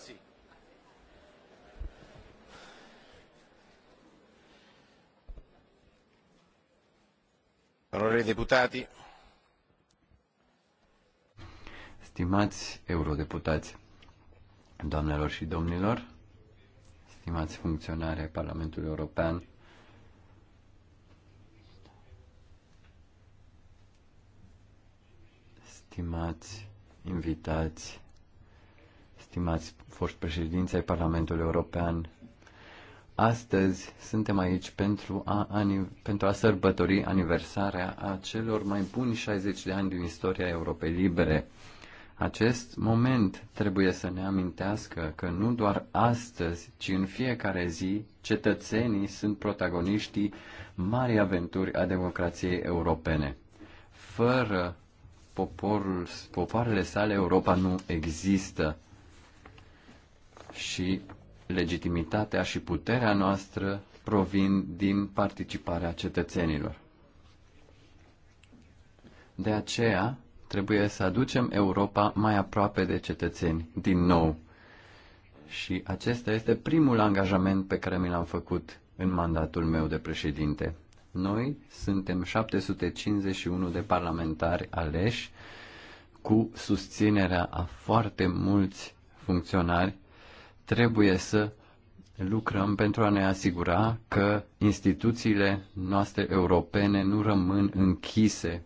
así. Onorevoli deputati. Stimați eurodeputați, doamnelor și domnilor, stimați funcționari ai Parlamentului European, stimați invitați stimați foști președinți ai Parlamentului European, astăzi suntem aici pentru a, pentru a sărbători aniversarea a celor mai buni 60 de ani din istoria Europei Libere. Acest moment trebuie să ne amintească că nu doar astăzi, ci în fiecare zi, cetățenii sunt protagoniștii mari aventuri a democrației europene. Fără poporul, popoarele sale, Europa nu există și legitimitatea și puterea noastră provin din participarea cetățenilor. De aceea, trebuie să aducem Europa mai aproape de cetățeni, din nou. Și acesta este primul angajament pe care mi l-am făcut în mandatul meu de președinte. Noi suntem 751 de parlamentari aleși cu susținerea a foarte mulți funcționari trebuie să lucrăm pentru a ne asigura că instituțiile noastre europene nu rămân închise.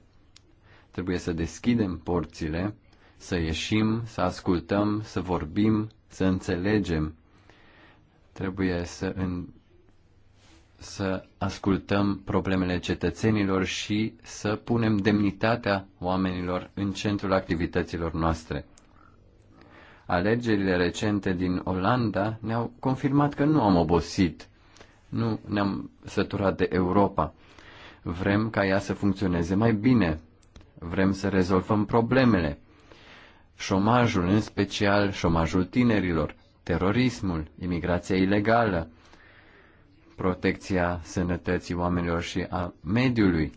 Trebuie să deschidem porțile, să ieșim, să ascultăm, să vorbim, să înțelegem. Trebuie să, în, să ascultăm problemele cetățenilor și să punem demnitatea oamenilor în centrul activităților noastre. Alegerile recente din Olanda ne-au confirmat că nu am obosit, nu ne-am săturat de Europa. Vrem ca ea să funcționeze mai bine, vrem să rezolvăm problemele. Șomajul, în special șomajul tinerilor, terorismul, imigrația ilegală, protecția sănătății oamenilor și a mediului,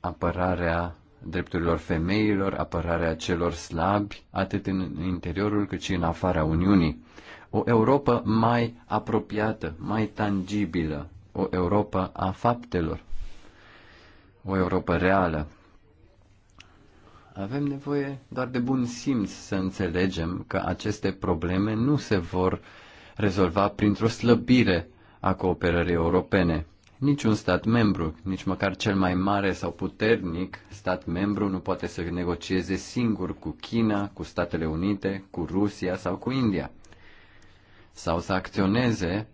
apărarea drepturilor femeilor, apărarea celor slabi, atât în interiorul cât și în afara Uniunii. O Europa mai apropiată, mai tangibilă, o Europa a faptelor, o Europa reală. Avem nevoie doar de bun simț să înțelegem că aceste probleme nu se vor rezolva printr-o slăbire a cooperării europene Niciun stat membru, nici măcar cel mai mare sau puternic stat membru nu poate să negocieze singur cu China, cu Statele Unite, cu Rusia sau cu India. Sau să acționeze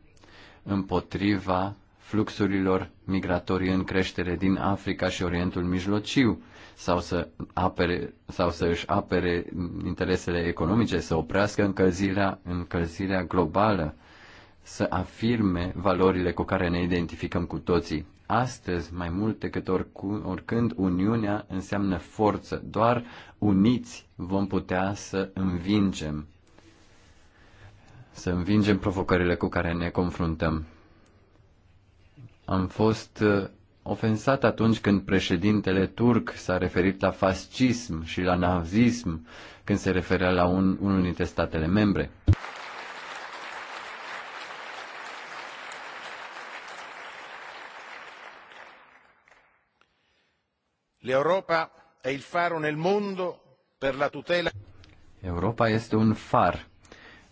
împotriva fluxurilor migratorii în creștere din Africa și Orientul Mijlociu, sau să, apere, sau să își apere interesele economice, să oprească încălzirea, încălzirea globală, să afirme valorile cu care ne identificăm cu toții. Astăzi, mai mult decât oricând, Uniunea înseamnă forță. Doar uniți vom putea să învingem, să învingem provocările cu care ne confruntăm. Am fost uh, ofensat atunci când președintele turc s-a referit la fascism și la nazism când se referea la un, unul dintre statele membre. L'Europa è il faro nel mondo per la tutela. Europa este un far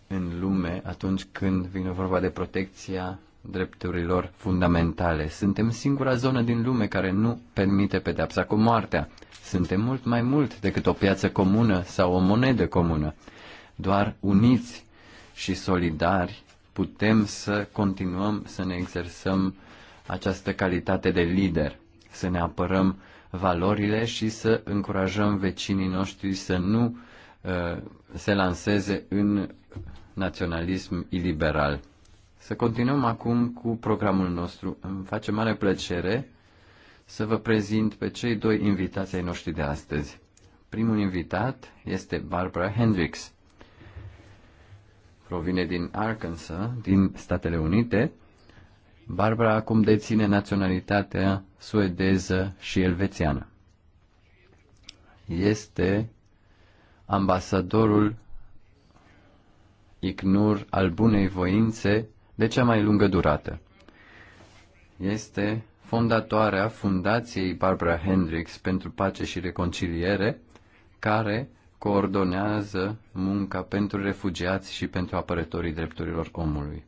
în lume atunci când vine vorba de protecția drepturilor fundamentale. Suntem singura zonă din lume care nu permite pedepsa cu moartea. Suntem mult mai mult decât o piață comună sau o monedă comună. Doar uniți și solidari putem să continuăm să ne exersăm această calitate de lider, să ne apărăm valorile și să încurajăm vecinii noștri să nu uh, se lanseze în naționalism iliberal. Să continuăm acum cu programul nostru. Îmi face mare plăcere să vă prezint pe cei doi invitați ai noștri de astăzi. Primul invitat este Barbara Hendricks. Provine din Arkansas, din Statele Unite. Barbara acum deține naționalitatea suedeză și elvețiană. Este ambasadorul ICNUR al bunei voințe de cea mai lungă durată. Este fondatoarea Fundației Barbara Hendricks pentru Pace și Reconciliere, care coordonează munca pentru refugiați și pentru apărătorii drepturilor omului.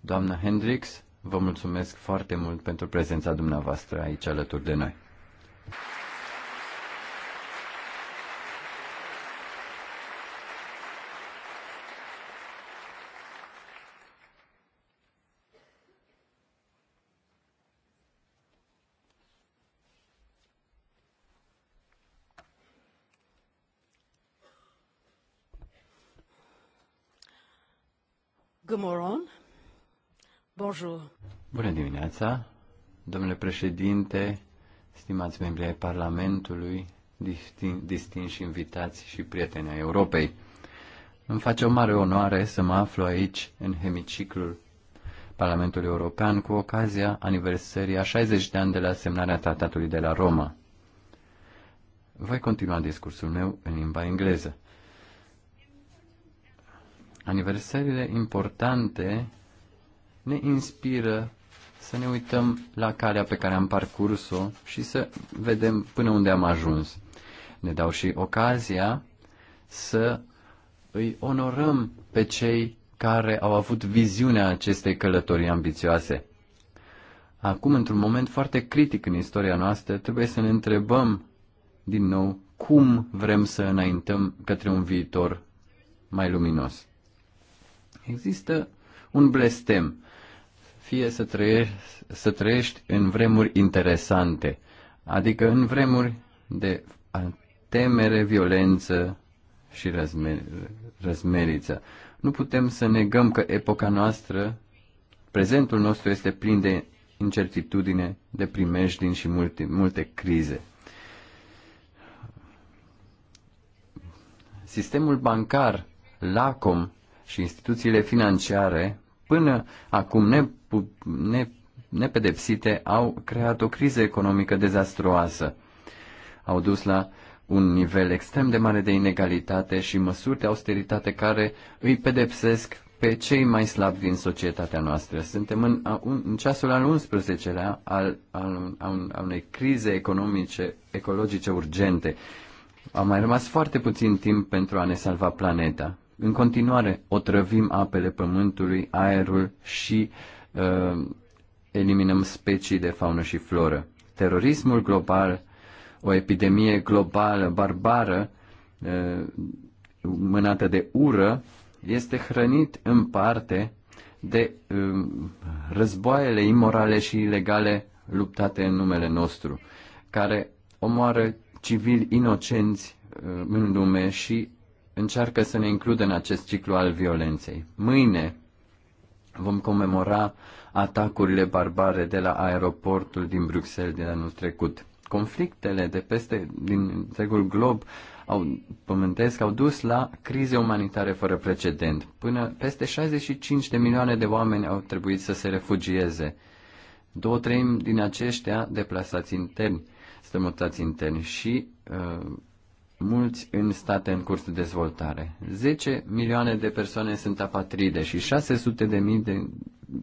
Doamna Hendricks Vă mulțumesc foarte mult pentru prezența dumneavoastră aici alături de noi. Good morning. Bonjour. Bună dimineața, domnule președinte, stimați membri ai Parlamentului, distin, distinși invitați și prieteni ai Europei. Îmi face o mare onoare să mă aflu aici, în hemiciclul Parlamentului European, cu ocazia aniversării a 60 de ani de la semnarea tratatului de la Roma. Voi continua discursul meu în limba engleză. Aniversările importante ne inspiră să ne uităm la calea pe care am parcurs-o și să vedem până unde am ajuns. Ne dau și ocazia să îi onorăm pe cei care au avut viziunea acestei călătorii ambițioase. Acum, într-un moment foarte critic în istoria noastră, trebuie să ne întrebăm din nou cum vrem să înaintăm către un viitor mai luminos. Există un blestem fie să trăiești, să trăiești în vremuri interesante, adică în vremuri de temere, violență și răzme, răzmeriță. Nu putem să negăm că epoca noastră, prezentul nostru este plin de incertitudine, de primejdini și multe, multe crize. Sistemul bancar, LACOM și instituțiile financiare până acum ne nepedepsite au creat o criză economică dezastruoasă. Au dus la un nivel extrem de mare de inegalitate și măsuri de austeritate care îi pedepsesc pe cei mai slabi din societatea noastră. Suntem în, în ceasul al 11-lea al, al, al unei crize economice, ecologice urgente. A mai rămas foarte puțin timp pentru a ne salva planeta. În continuare, otrăvim apele pământului, aerul și uh, eliminăm specii de faună și floră. Terorismul global, o epidemie globală, barbară, uh, mânată de ură, este hrănit în parte de uh, războaiele imorale și ilegale luptate în numele nostru, care omoară civili inocenți uh, în lume și încearcă să ne includă în acest ciclu al violenței. Mâine, Vom comemora atacurile barbare de la aeroportul din Bruxelles din anul trecut. Conflictele de peste din întregul glob au, pământesc au dus la crize umanitare fără precedent. Până peste 65 de milioane de oameni au trebuit să se refugieze. Două treimi din aceștia deplasați intern, strămutați intern și uh, mulți în state în curs de dezvoltare. 10 milioane de persoane sunt apatride și 600 de mii de,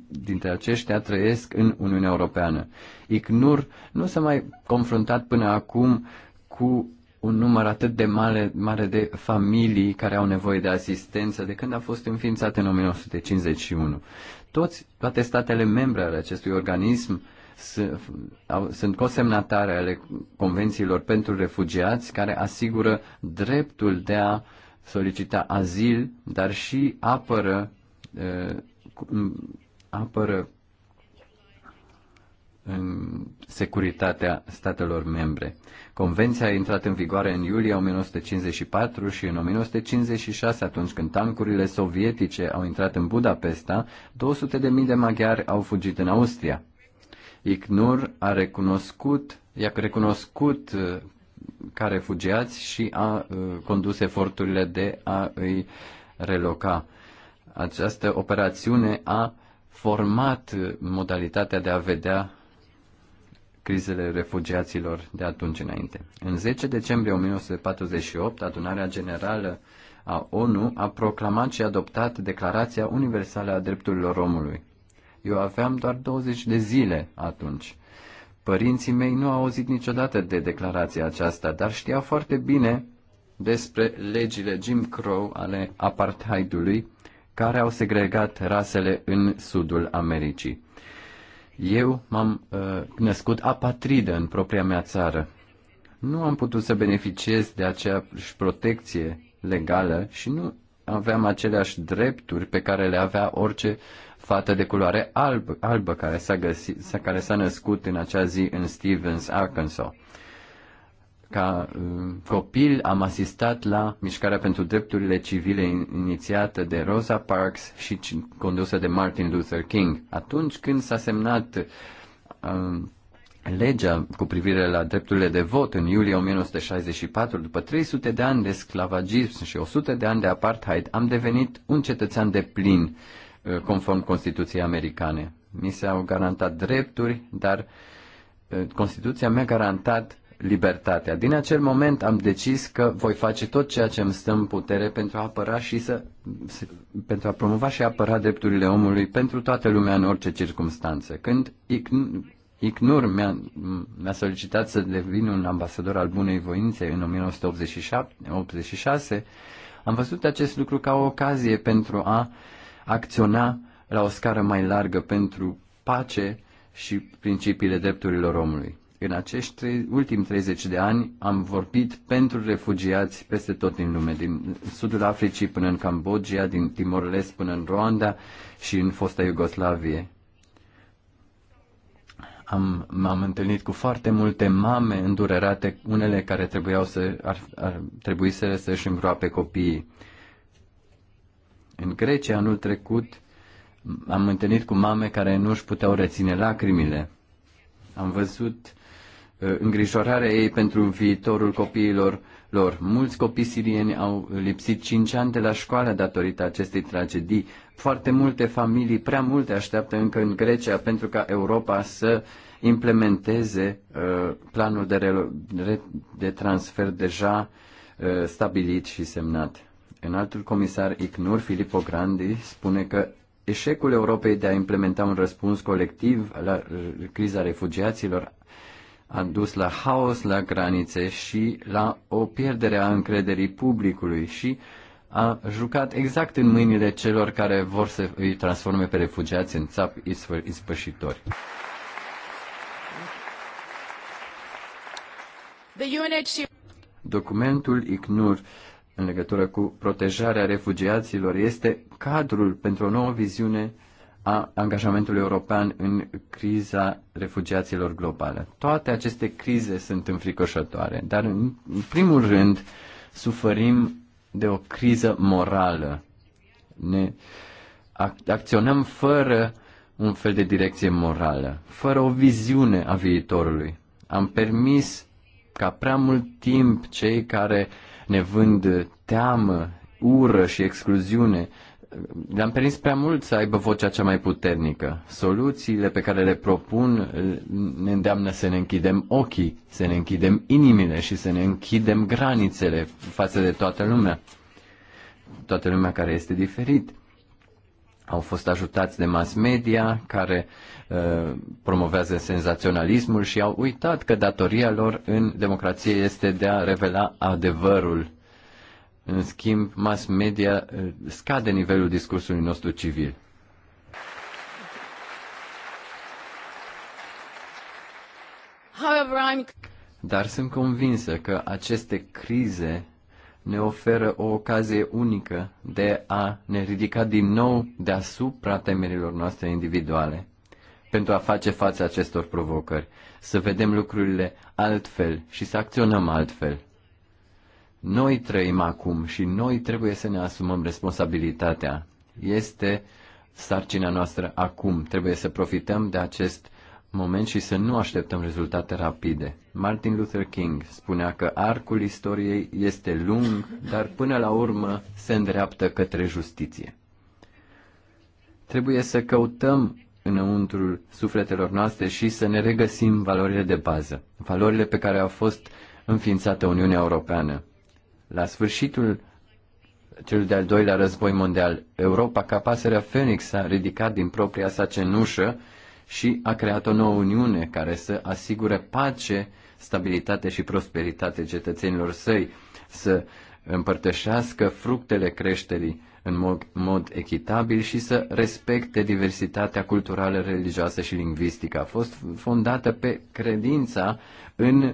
dintre aceștia trăiesc în Uniunea Europeană. ICNUR nu s-a mai confruntat până acum cu un număr atât de mare, mare de familii care au nevoie de asistență de când a fost înființat în 1951. Toți, toate statele membre ale acestui organism uh, sunt cosemnatare ale convențiilor pentru refugiați care asigură dreptul de a solicita azil, dar și apără, apără în securitatea statelor membre. Convenția a intrat în vigoare în iulie 1954 și în 1956, atunci când tancurile sovietice au intrat în Budapesta, 200.000 de maghiari au fugit în Austria. ICNUR a recunoscut, i-a recunoscut uh, care refugiați și a uh, condus eforturile de a îi reloca. Această operațiune a format uh, modalitatea de a vedea crizele refugiaților de atunci înainte. În 10 decembrie 1948, adunarea generală a ONU a proclamat și adoptat Declarația Universală a Drepturilor Omului. Eu aveam doar 20 de zile atunci. Părinții mei nu au auzit niciodată de declarația aceasta, dar știau foarte bine despre legile Jim Crow ale apartheidului care au segregat rasele în sudul Americii. Eu m-am uh, născut apatridă în propria mea țară. Nu am putut să beneficiez de aceeași protecție legală și nu aveam aceleași drepturi pe care le avea orice fată de culoare alb, albă care s-a, găsit, care s-a născut în acea zi în Stevens, Arkansas. Ca uh, copil am asistat la mișcarea pentru drepturile civile inițiată de Rosa Parks și condusă de Martin Luther King. Atunci când s-a semnat uh, legea cu privire la drepturile de vot în iulie 1964, după 300 de ani de sclavagism și 100 de ani de apartheid, am devenit un cetățean de plin, uh, conform Constituției americane. Mi s-au garantat drepturi, dar uh, Constituția mi-a garantat libertatea. Din acel moment am decis că voi face tot ceea ce îmi stă în putere pentru a apăra și să, pentru a promova și a apăra drepturile omului pentru toată lumea în orice circunstanță. Când ICNUR mi-a, mi solicitat să devin un ambasador al bunei voințe în 1986, am văzut acest lucru ca o ocazie pentru a acționa la o scară mai largă pentru pace și principiile drepturilor omului. În acești ultimi 30 de ani am vorbit pentru refugiați peste tot din lume, din sudul Africii până în Cambodgia, din Timor-Leste până în Rwanda și în fosta Iugoslavie. Am, m-am întâlnit cu foarte multe mame îndurerate, unele care trebuiau să, ar, ar trebui să, să-și îngroape copiii. În Grecia, anul trecut, am întâlnit cu mame care nu își puteau reține lacrimile. Am văzut uh, îngrijorarea ei pentru viitorul copiilor lor. Mulți copii sirieni au lipsit cinci ani de la școală datorită acestei tragedii. Foarte multe familii, prea multe așteaptă încă în Grecia pentru ca Europa să implementeze uh, planul de, re- de transfer deja uh, stabilit și semnat. altul, comisar ICNUR, Filippo Grandi, spune că eșecul Europei de a implementa un răspuns colectiv la uh, criza refugiaților a dus la haos la granițe și la o pierdere a încrederii publicului și uh, a jucat exact în mâinile celor care vor să îi transforme pe refugiați în țapi ispășitori. Documentul ICNUR în legătură cu protejarea refugiaților este cadrul pentru o nouă viziune a angajamentului european în criza refugiaților globale. Toate aceste crize sunt înfricoșătoare, dar în primul rând suferim de o criză morală. Ne acționăm fără un fel de direcție morală, fără o viziune a viitorului. Am permis ca prea mult timp cei care ne vând teamă, ură și excluziune le-am permis prea mult să aibă vocea cea mai puternică. Soluțiile pe care le propun uh, ne îndeamnă să ne închidem ochii, să ne închidem inimile și să ne închidem granițele față de toată lumea. Toată lumea care este diferit. Au fost ajutați de mass media care uh, promovează senzaționalismul și au uitat că datoria lor în democrație este de a revela adevărul în schimb, mass media uh, scade nivelul discursului nostru civil. Dar sunt convinsă că aceste crize ne oferă o ocazie unică de a ne ridica din nou deasupra temerilor noastre individuale pentru a face față acestor provocări, să vedem lucrurile altfel și să acționăm altfel. Noi trăim acum și noi trebuie să ne asumăm responsabilitatea. Este sarcina noastră acum. Trebuie să profităm de acest moment și să nu așteptăm rezultate rapide. Martin Luther King spunea că arcul istoriei este lung, dar până la urmă se îndreaptă către justiție. Trebuie să căutăm înăuntrul sufletelor noastre și să ne regăsim valorile de bază, valorile pe care au fost înființată Uniunea Europeană. La sfârșitul celui de-al doilea război mondial, Europa, ca pasărea Phoenix, s-a ridicat din propria sa cenușă și a creat o nouă uniune care să asigure pace, stabilitate și prosperitate cetățenilor săi, să împărtășească fructele creșterii în mod, mod echitabil și să respecte diversitatea culturală, religioasă și lingvistică. A fost fondată pe credința în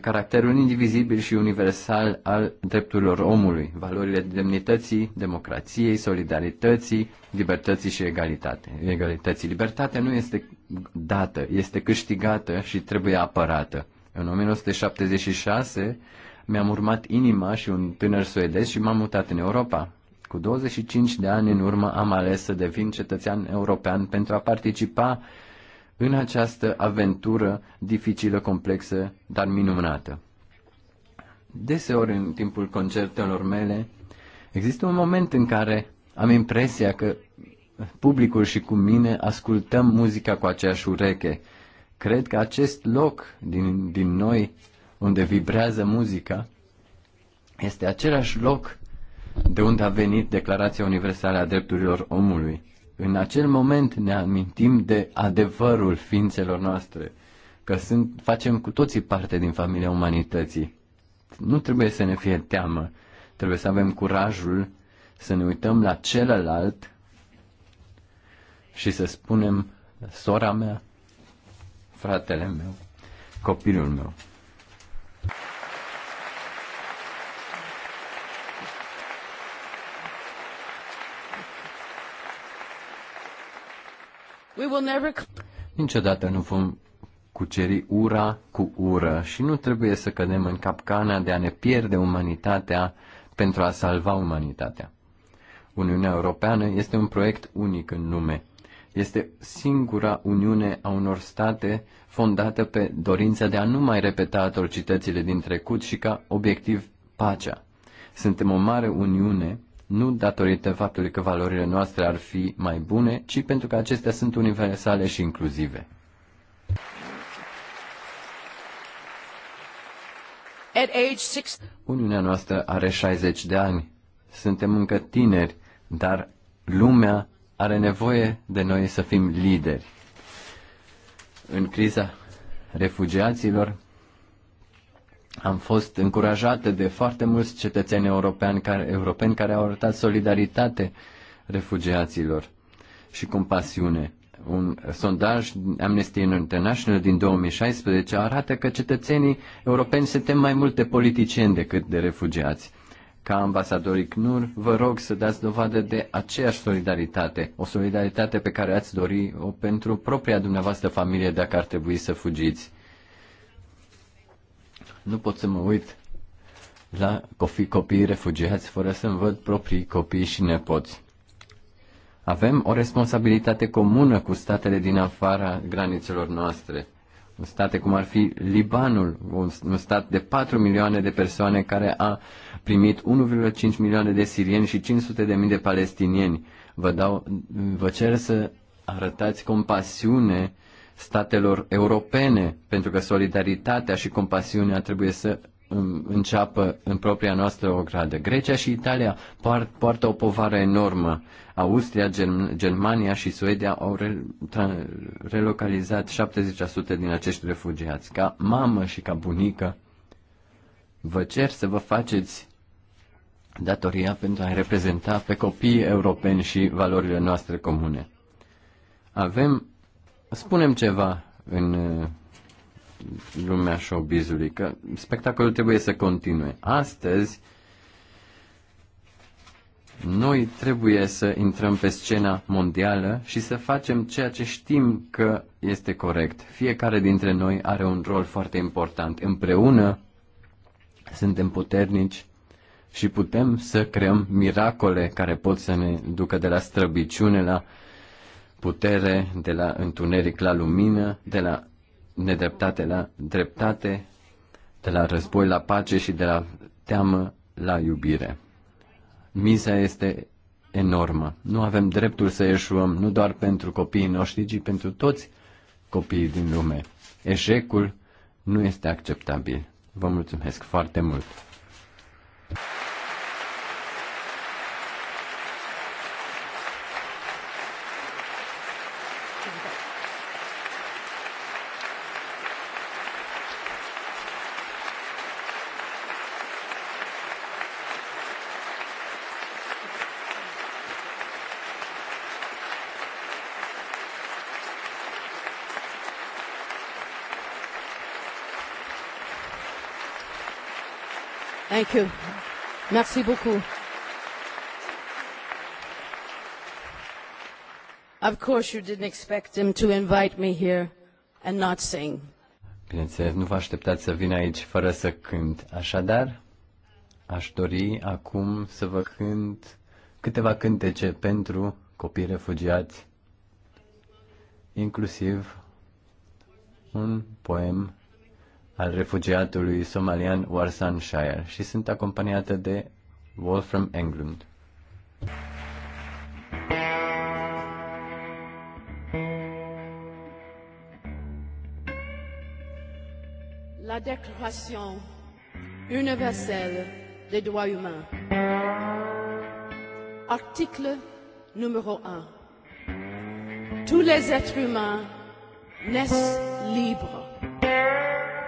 caracterul indivizibil și universal al drepturilor omului, valorile demnității, democrației, solidarității, libertății și egalitate. egalității. Libertatea nu este dată, este câștigată și trebuie apărată. În 1976 mi-am urmat inima și un tânăr suedez și m-am mutat în Europa. Cu 25 de ani în urmă am ales să devin cetățean european pentru a participa în această aventură dificilă, complexă, dar minunată. Deseori în timpul concertelor mele există un moment în care am impresia că publicul și cu mine ascultăm muzica cu aceeași ureche. Cred că acest loc din, din noi unde vibrează muzica este același loc de unde a venit Declarația Universală a Drepturilor Omului. În acel moment ne amintim de adevărul ființelor noastre, că sunt, facem cu toții parte din familia umanității. Nu trebuie să ne fie teamă, trebuie să avem curajul să ne uităm la celălalt și să spunem, sora mea, fratele meu, copilul meu. Niciodată nu vom cuceri ura cu ură și nu trebuie să cădem în capcana de a ne pierde umanitatea pentru a salva umanitatea. Uniunea Europeană este un proiect unic în lume. Este singura uniune a unor state fondată pe dorința de a nu mai repeta atrocitățile din trecut și ca obiectiv pacea. Suntem o mare uniune nu datorită faptului că valorile noastre ar fi mai bune, ci pentru că acestea sunt universale și inclusive. At age six... Uniunea noastră are 60 de ani. Suntem încă tineri, dar lumea are nevoie de noi să fim lideri. În criza refugiaților, am fost încurajată de foarte mulți cetățeni europeni care, europeni care au arătat solidaritate refugiaților și compasiune. Un sondaj Amnesty International din 2016 arată că cetățenii europeni se tem mai mult de politicieni decât de refugiați. Ca ambasadorii CNUR, vă rog să dați dovadă de aceeași solidaritate, o solidaritate pe care ați dori-o pentru propria dumneavoastră familie dacă ar trebui să fugiți nu pot să mă uit la copii, copii refugiați fără să-mi văd proprii copii și nepoți. Avem o responsabilitate comună cu statele din afara granițelor noastre. Un state cum ar fi Libanul, un stat de 4 milioane de persoane care a primit 1,5 milioane de sirieni și 500 de mii de palestinieni. Vă, dau, vă cer să arătați compasiune statelor europene, pentru că solidaritatea și compasiunea trebuie să înceapă în propria noastră ogradă. Grecia și Italia poartă o povară enormă. Austria, Germania și Suedia au relocalizat 70% din acești refugiați. Ca mamă și ca bunică, vă cer să vă faceți datoria pentru a reprezenta pe copiii europeni și valorile noastre comune. Avem spunem ceva în uh, lumea showbizului, că spectacolul trebuie să continue. Astăzi, noi trebuie să intrăm pe scena mondială și să facem ceea ce știm că este corect. Fiecare dintre noi are un rol foarte important. Împreună suntem puternici și putem să creăm miracole care pot să ne ducă de la străbiciune la uh, putere de la întuneric la lumină, de la nedreptate la dreptate, de la război la pace și de la teamă la iubire. Miza este enormă. Nu avem dreptul să eșuăm, nu doar pentru copiii noștri, ci pentru toți copiii din lume. Eșecul nu este acceptabil. Vă mulțumesc foarte mult! Thank you. Merci beaucoup. Of course you didn't expect him to invite me here and not sing. Bineînțeles, nu vă așteptați să vin aici fără să cânt. Așadar, aș dori acum să vă cânt câteva cântece pentru copii refugiați, inclusiv un poem al refugiatului somalian Warsan Shire și sunt acompaniată de Wolfram Englund. La Déclaration universelle des droits humains. Article numéro 1. Tous les êtres humains naissent libres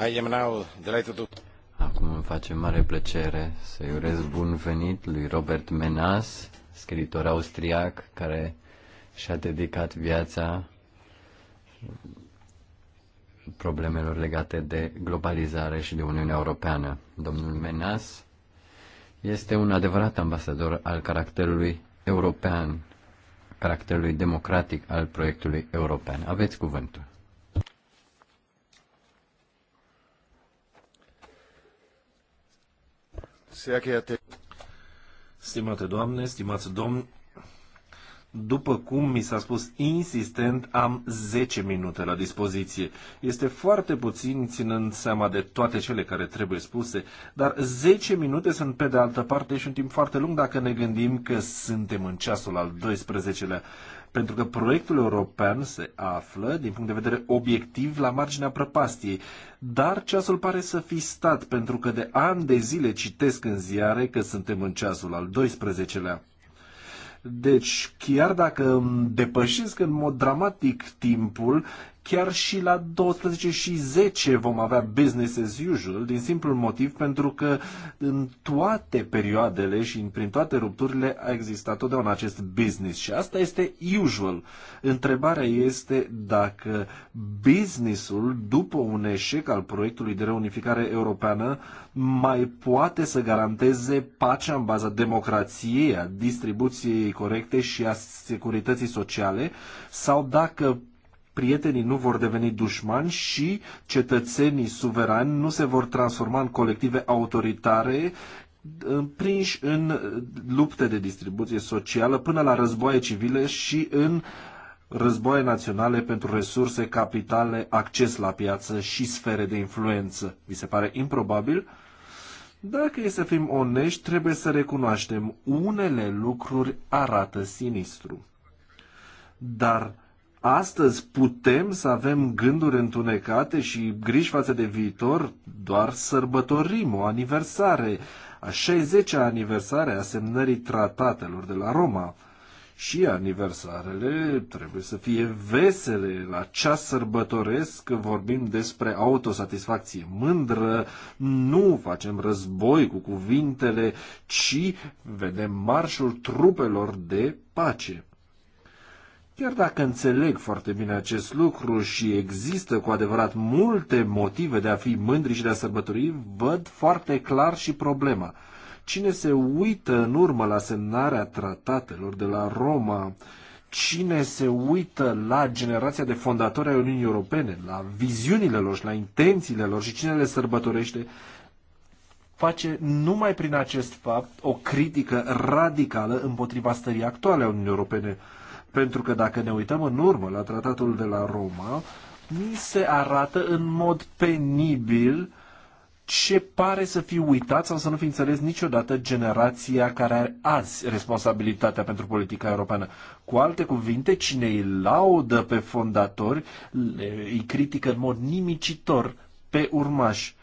I am now delighted to... Acum îmi face mare plăcere să-i urez bun venit lui Robert Menas, scriitor austriac care și-a dedicat viața problemelor legate de globalizare și de Uniunea Europeană. Domnul Menas este un adevărat ambasador al caracterului european, caracterului democratic al proiectului european. Aveți cuvântul. sehr geehrte Stimate doamne, stimați domni, după cum mi s-a spus insistent, am 10 minute la dispoziție. Este foarte puțin ținând seama de toate cele care trebuie spuse, dar 10 minute sunt pe de altă parte și un timp foarte lung dacă ne gândim că suntem în ceasul al 12-lea pentru că proiectul european se află, din punct de vedere obiectiv, la marginea prăpastiei. Dar ceasul pare să fi stat, pentru că de ani de zile citesc în ziare că suntem în ceasul al 12-lea. Deci, chiar dacă depășesc în mod dramatic timpul, chiar și la 12 și 10 vom avea business as usual, din simplul motiv pentru că în toate perioadele și prin toate rupturile a existat totdeauna acest business și asta este usual. Întrebarea este dacă businessul, după un eșec al proiectului de reunificare europeană, mai poate să garanteze pacea în baza democrației, a distribuției corecte și a securității sociale, sau dacă prietenii nu vor deveni dușmani și cetățenii suverani nu se vor transforma în colective autoritare uh, prinși în lupte de distribuție socială până la războaie civile și în războaie naționale pentru resurse, capitale, acces la piață și sfere de influență. Mi se pare improbabil? Dacă e să fim onești, trebuie să recunoaștem, unele lucruri arată sinistru. Dar astăzi putem să avem gânduri întunecate și griji față de viitor, doar sărbătorim o aniversare, a 60-a aniversare a semnării tratatelor de la Roma. Și aniversarele trebuie să fie vesele. La ceas sărbătoresc vorbim despre autosatisfacție mândră, nu facem război cu cuvintele, ci vedem marșul trupelor de pace. Chiar dacă înțeleg foarte bine acest lucru și există cu adevărat multe motive de a fi mândri și de a sărbători, văd foarte clar și problema. Cine se uită în urmă la semnarea tratatelor de la Roma, cine se uită la generația de fondatori ai Uniunii Europene, la viziunile lor și la intențiile lor și cine le sărbătorește, face numai prin acest fapt o critică radicală împotriva stării actuale a Uniunii Europene pentru că dacă ne uităm în urmă la tratatul de la Roma, ni se arată în mod penibil ce pare să fi uitat sau să nu fi înțeles niciodată generația care are azi responsabilitatea pentru politica europeană. Cu alte cuvinte, cine îi laudă pe fondatori, îi critică în mod nimicitor pe urmași.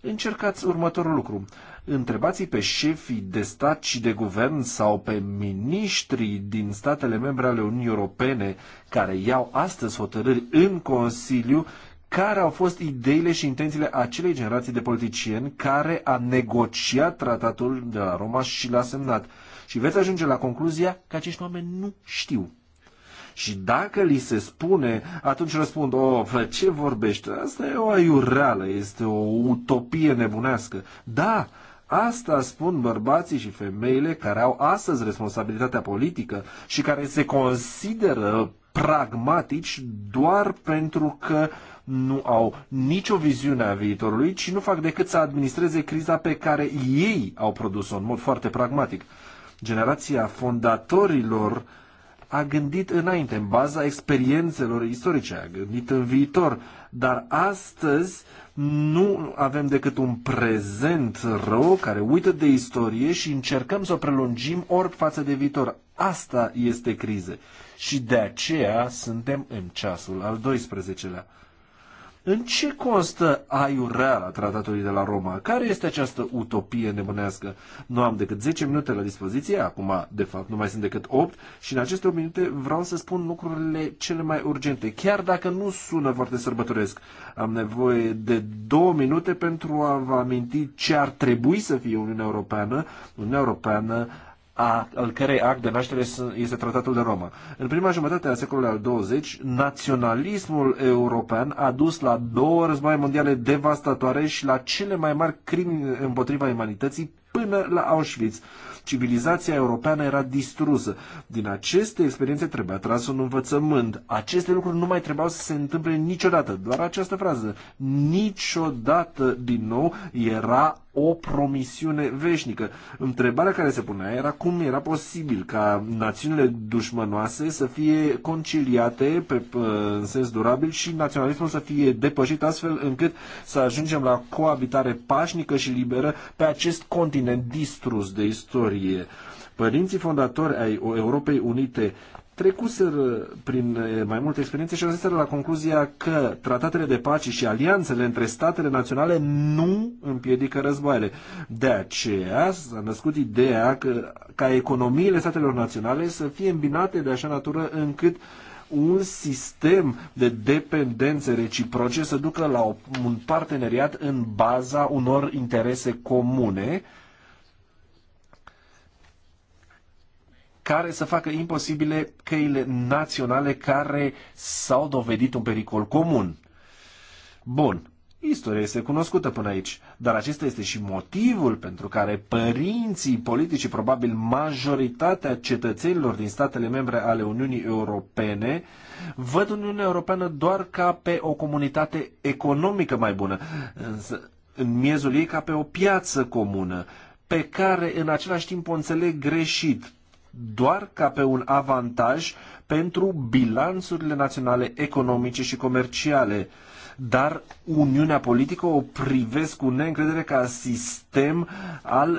Încercați următorul lucru. Uh, întrebați pe șefii de stat și de guvern sau pe miniștrii din statele membre ale Uniunii Europene care iau astăzi hotărâri în Consiliu care au fost ideile și intențiile acelei generații de politicieni care a negociat tratatul de la Roma și l-a semnat. Și veți ajunge la concluzia că acești oameni nu știu și dacă li se spune, atunci răspund, o, oh, ce vorbești? Asta e o aiureală, este o utopie nebunească. Da, Asta spun bărbații și femeile care au astăzi responsabilitatea politică și care se consideră pragmatici doar pentru că nu au nicio viziune a viitorului, ci nu fac decât să administreze criza pe care ei au produs-o în mod foarte pragmatic. Generația fondatorilor a gândit înainte, în baza experiențelor istorice, a gândit în viitor, dar astăzi nu avem decât un prezent rău care uită de istorie și încercăm să o prelungim ori față de viitor. Asta este crize Și de aceea suntem în ceasul al 12-lea. În ce constă aiureala tratatului de la Roma? Care este această utopie nebunească? Nu am decât 10 minute la dispoziție, acum de fapt nu mai sunt decât 8 și în aceste 8 minute vreau să spun lucrurile cele mai urgente, chiar dacă nu sună foarte sărbătoresc. Am nevoie de 2 minute pentru a vă aminti ce ar trebui să fie Uniunea Europeană. Uniunea Europeană a, al cărei act de naștere este Tratatul de Roma. În prima jumătate a secolului al XX, naționalismul european a dus la două războaie mondiale devastatoare și la cele mai mari crimi împotriva umanității până la Auschwitz. Civilizația europeană era distrusă. Din aceste experiențe trebuia tras un învățământ. Aceste lucruri nu mai trebuiau să se întâmple niciodată. Doar această frază, niciodată din nou, era o promisiune veșnică. Întrebarea care se punea era cum era posibil ca națiunile dușmănoase să fie conciliate pe, în sens durabil și naționalismul să fie depășit astfel încât să ajungem la coabitare pașnică și liberă pe acest continent distrus de istorie. Părinții fondatori ai Europei Unite trecuseră prin eh, mai multe experiențe și ajunseseră la concluzia că tratatele de pace și alianțele între statele naționale nu împiedică războaiele. De aceea s-a născut ideea că, ca economiile statelor naționale să fie îmbinate de așa natură încât un sistem de dependențe reciproce să ducă la un parteneriat în baza unor interese comune, care să facă imposibile căile naționale care s-au dovedit un pericol comun. Bun, Istoria este cunoscută până aici, dar acesta este și motivul pentru care părinții politici, probabil majoritatea cetățenilor din statele membre ale Uniunii Europene, văd Uniunea Europeană doar ca pe o comunitate economică mai bună, însă în miezul ei ca pe o piață comună, pe care în același timp o înțeleg greșit, doar ca pe un avantaj pentru bilanțurile naționale economice și comerciale. Dar Uniunea Politică o privesc cu neîncredere ca sistem al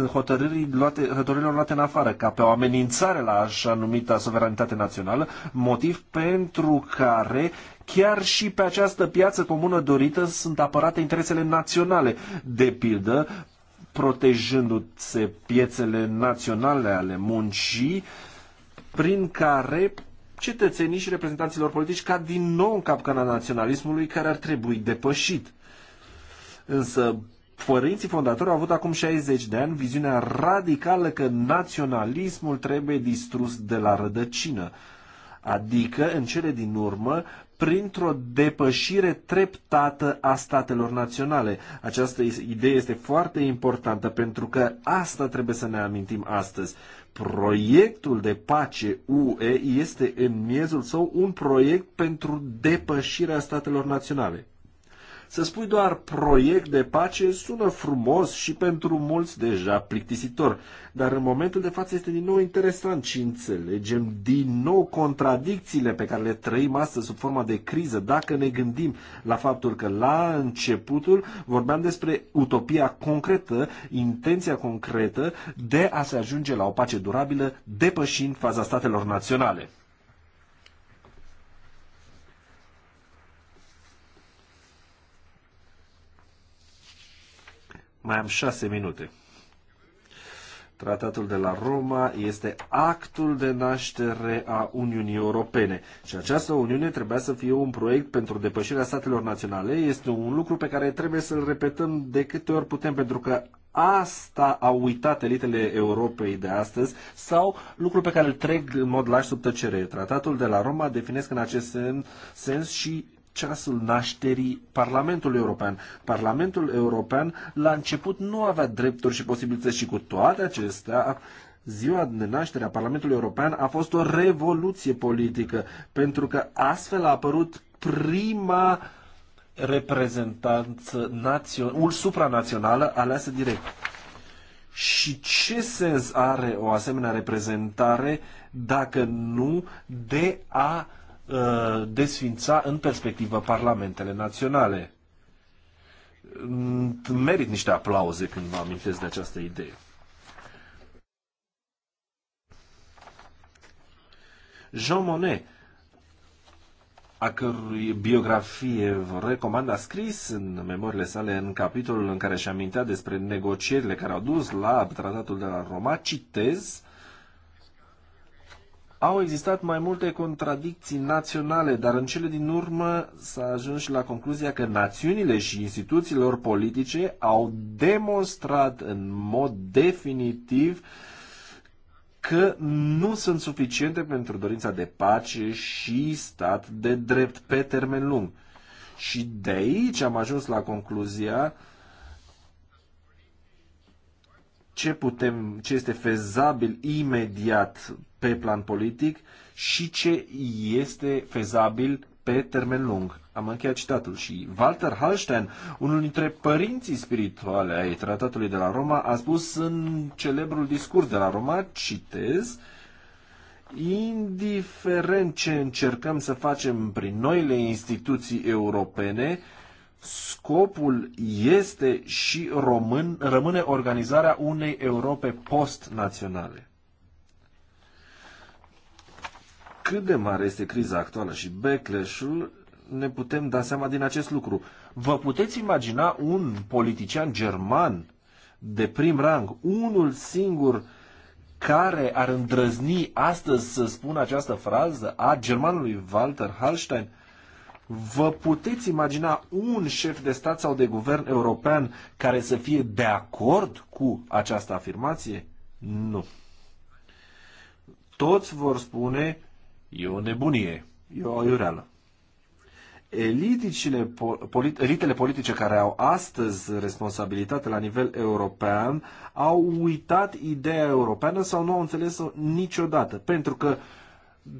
uh, hotărârii luate, hotărârilor luate în afară, ca pe o amenințare la așa numita suveranitate națională, motiv pentru care chiar și pe această piață comună dorită sunt apărate interesele naționale. De pildă, protejându-se piețele naționale ale muncii, prin care cetățenii și reprezentanților politici ca din nou în capcana naționalismului care ar trebui depășit. Însă părinții fondatori au avut acum 60 de ani viziunea radicală că naționalismul trebuie distrus de la rădăcină. Adică, în cele din urmă, printr-o depășire treptată a statelor naționale. Această idee este foarte importantă pentru că asta trebuie să ne amintim astăzi. Proiectul de pace UE este în miezul său un proiect pentru depășirea statelor naționale. Să spui doar proiect de pace sună frumos și pentru mulți deja plictisitor, dar în momentul de față este din nou interesant și înțelegem din nou contradicțiile pe care le trăim astăzi sub forma de criză, dacă ne gândim la faptul că la începutul vorbeam despre utopia concretă, intenția concretă de a se ajunge la o pace durabilă depășind faza statelor naționale. Mai am șase minute. Tratatul de la Roma este actul de naștere a Uniunii Europene și această Uniune trebuia să fie un proiect pentru depășirea statelor naționale. Este un lucru pe care trebuie să-l repetăm de câte ori putem, pentru că asta au uitat elitele Europei de astăzi sau lucruri pe care îl trec în mod laș sub tăcere. Tratatul de la Roma definesc în acest sens și ceasul nașterii Parlamentului European. Parlamentul European la început nu avea drepturi și posibilități și cu toate acestea ziua de naștere a Parlamentului European a fost o revoluție politică, pentru că astfel a apărut prima reprezentanță națională, supranațională aleasă direct. Și ce sens are o asemenea reprezentare dacă nu de a Uh, desfința în perspectivă parlamentele naționale. Merit niște aplauze când mă amintesc de această idee. Jean Monnet, a cărui biografie vă recomand, a scris în memoriile sale, în capitolul în care și a despre negocierile care au dus la tratatul de la Roma, citez, au existat mai multe contradicții naționale, dar în cele din urmă s-a ajuns la concluzia că națiunile și instituțiilor politice au demonstrat în mod definitiv că nu sunt suficiente pentru dorința de pace și stat de drept pe termen lung. Și de aici am ajuns la concluzia uh, ce putem, ce este fezabil imediat pe plan politic și ce este fezabil pe termen lung. Am încheiat citatul și Walter Hallstein, unul dintre părinții spirituale ai tratatului de la Roma, a spus în celebrul discurs de la Roma, citez, indiferent ce încercăm să facem prin noile instituții europene, scopul este și român, rămâne organizarea unei Europe post-naționale. Cât de mare este criza actuală și backlash-ul, ne putem da seama din acest lucru. Vă puteți imagina un politician german de prim rang, unul singur care ar îndrăzni astăzi să spună această frază a germanului Walter Hallstein – Vă puteți imagina un șef de stat sau de guvern european care să fie de acord cu această afirmație? Nu. Toți vor spune, e o nebunie, e o iureală. Eliticile, polit, elitele politice care au astăzi responsabilitate la nivel european au uitat ideea europeană sau nu au înțeles-o niciodată, pentru că uh,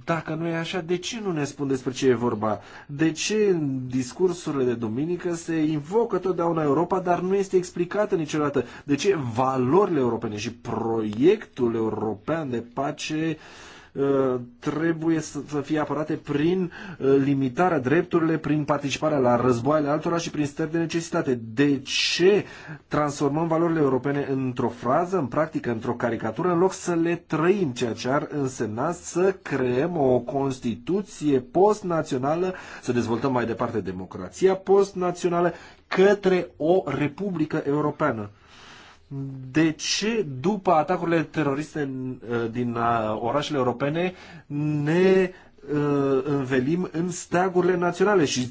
dacă nu e așa, de ce nu ne spun despre ce e vorba? De ce în discursurile de duminică se invocă totdeauna Europa, dar nu este explicată niciodată? De ce valorile europene și proiectul european de pace uh, Uh, trebuie să fie apărate prin uh, limitarea drepturile, prin participarea la războaiele altora și prin stări de necesitate. De ce transformăm valorile europene într-o frază, în practică, într-o caricatură, în loc să le trăim, ceea ce ar însemna să creăm o Constituție post-națională, să dezvoltăm mai departe democrația post-națională către o Republică Europeană de ce după atacurile teroriste uh, din uh, orașele europene ne uh, învelim în steagurile naționale și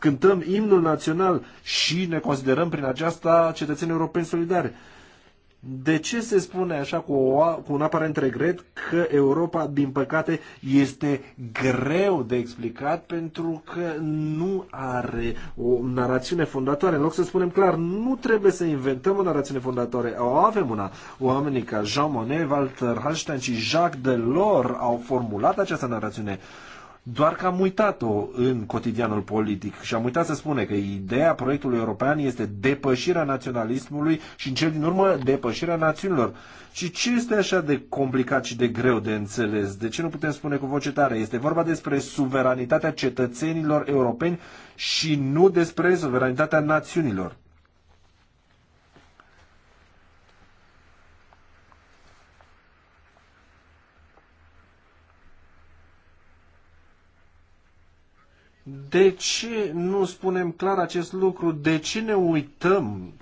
cântăm imnul național și ne considerăm prin aceasta cetățeni europeni solidari. De ce se spune așa cu, o, cu un aparent regret că Europa, din păcate, este greu de explicat pentru că nu are o narațiune fondatoare. În loc să spunem clar, nu trebuie să inventăm o narațiune fondatoare. O avem una. Oamenii ca Jean Monnet, Walter Hallstein și Jacques Delors au formulat această narațiune. Uh, doar că am uitat-o în cotidianul politic și am uitat să spune că ideea proiectului european este depășirea naționalismului și în cel din urmă depășirea națiunilor. Și ce este așa de complicat și de greu de înțeles? De ce nu putem spune cu voce tare? Este vorba despre suveranitatea cetățenilor europeni și nu despre suveranitatea națiunilor. De ce nu spunem clar acest lucru? De ce ne uităm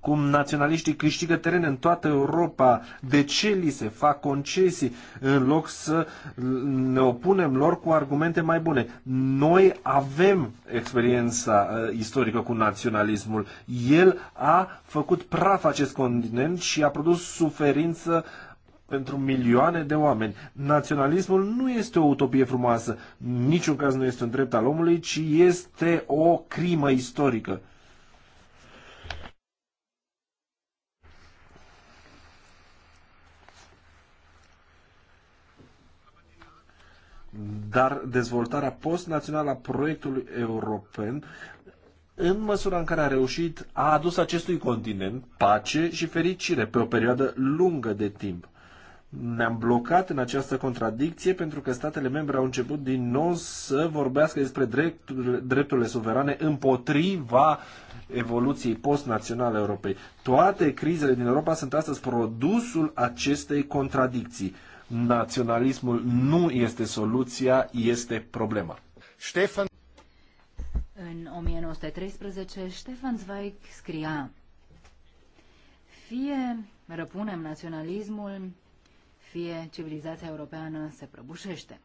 cum naționaliștii câștigă teren în toată Europa, de ce li se fac concesii în loc să ne opunem lor cu argumente mai bune. Noi avem experiența uh, istorică cu naționalismul. El a făcut praf acest continent și a produs suferință uh, pentru milioane de oameni. Naționalismul nu este o utopie frumoasă, niciun caz nu este un drept al omului, ci este o crimă istorică. Dar dezvoltarea post-națională a proiectului european în măsura în care a reușit, a adus acestui continent pace și fericire pe o perioadă lungă de timp ne-am blocat în această contradicție pentru că statele membre au început din nou să vorbească despre drepturile, drepturile suverane împotriva evoluției post-naționale Europei. Toate crizele din Europa sunt astăzi produsul acestei contradicții. Naționalismul nu este soluția, este problema. Stefan. În 1913, Stefan Zweig scria Fie răpunem naționalismul, fie civilizația europeană se prăbușește.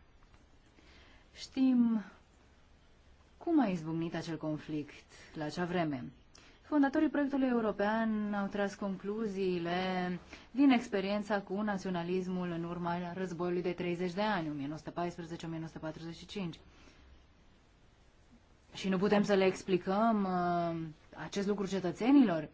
Știm cum a izbucnit acel conflict, la ce vreme. Fondatorii proiectului european au tras concluziile din experiența cu naționalismul în urma războiului de 30 de ani, 1914-1945. Și nu putem să le explicăm uh, acest lucru cetățenilor. Uh,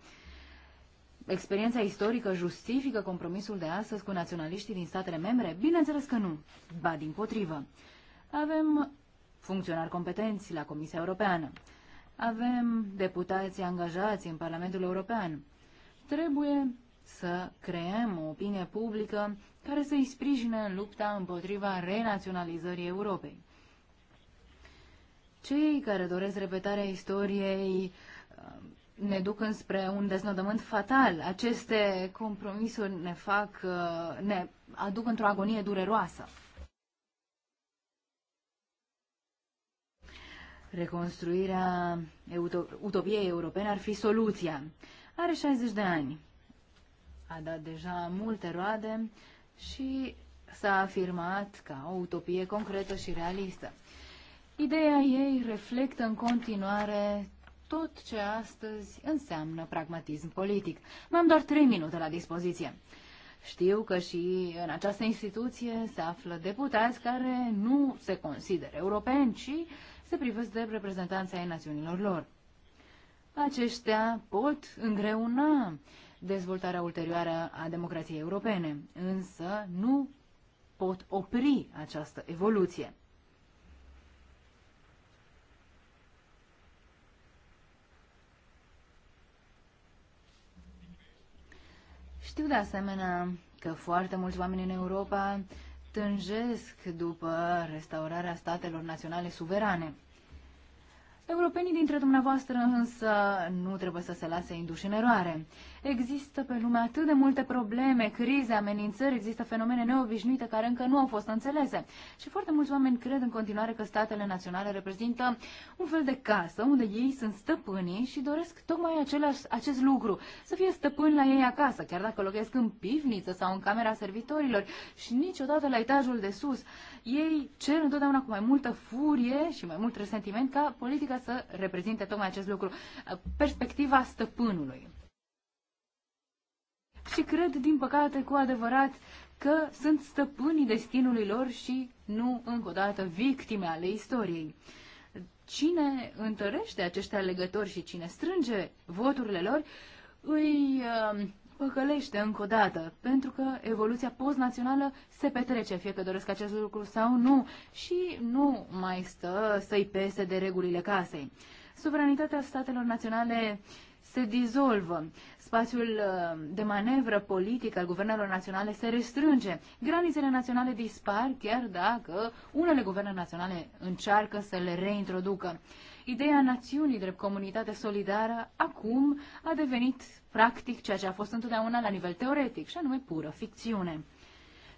experiența istorică justifică compromisul de astăzi cu naționaliștii din statele membre? Bineînțeles că nu. Ba, din potrivă. Avem funcționari competenți la Comisia Europeană. Avem deputați angajați în Parlamentul European. Trebuie să creăm o opinie publică care să-i sprijine în lupta împotriva renaționalizării Europei. Cei care doresc repetarea istoriei ne duc înspre un deznodământ fatal. Aceste compromisuri ne fac, uh, ne aduc într-o agonie dureroasă. Reconstruirea utopiei europene ar fi soluția. Are 60 de ani. A dat deja multe roade și s-a afirmat ca o utopie concretă și realistă. Ideea ei reflectă în continuare tot ce astăzi înseamnă pragmatism politic. m am doar trei minute la dispoziție. Știu că și în această instituție se află deputați care nu se consideră europeni, ci se privesc de reprezentanța ai națiunilor lor. Aceștia pot îngreuna dezvoltarea ulterioară a democrației europene, însă nu pot opri această evoluție. Știu de asemenea că foarte mulți oameni în Europa tânjesc după restaurarea statelor naționale suverane. Europenii dintre dumneavoastră însă nu trebuie să se lase induși în eroare. Există pe lume atât de multe probleme, crize, amenințări, există fenomene neobișnuite care încă nu au fost înțelese. Și foarte mulți oameni cred în continuare că statele naționale reprezintă un fel de casă unde ei sunt stăpânii și doresc tocmai același, acest lucru, să fie stăpâni la ei acasă, chiar dacă locuiesc în pivniță sau în camera servitorilor și niciodată la etajul de sus. Ei cer întotdeauna cu mai multă furie și mai mult resentiment ca politica politică să reprezinte tocmai acest lucru, perspectiva stăpânului. Și cred, din păcate, cu adevărat că sunt stăpânii destinului lor și nu, încă o dată, victime ale istoriei. Cine întărește acești alegători și cine strânge voturile lor, îi uh, păcălește încă o dată, pentru că evoluția post-națională se petrece, fie că doresc acest lucru sau nu, și nu mai stă să-i pese de regulile casei. Suveranitatea statelor naționale se dizolvă, spațiul uh, de manevră politic al guvernelor naționale se restrânge, granițele naționale dispar chiar dacă unele guverne naționale încearcă să le reintroducă. Ideea națiunii drept comunitate solidară acum a devenit practic ceea ce a fost întotdeauna la nivel teoretic, și anume pură ficțiune.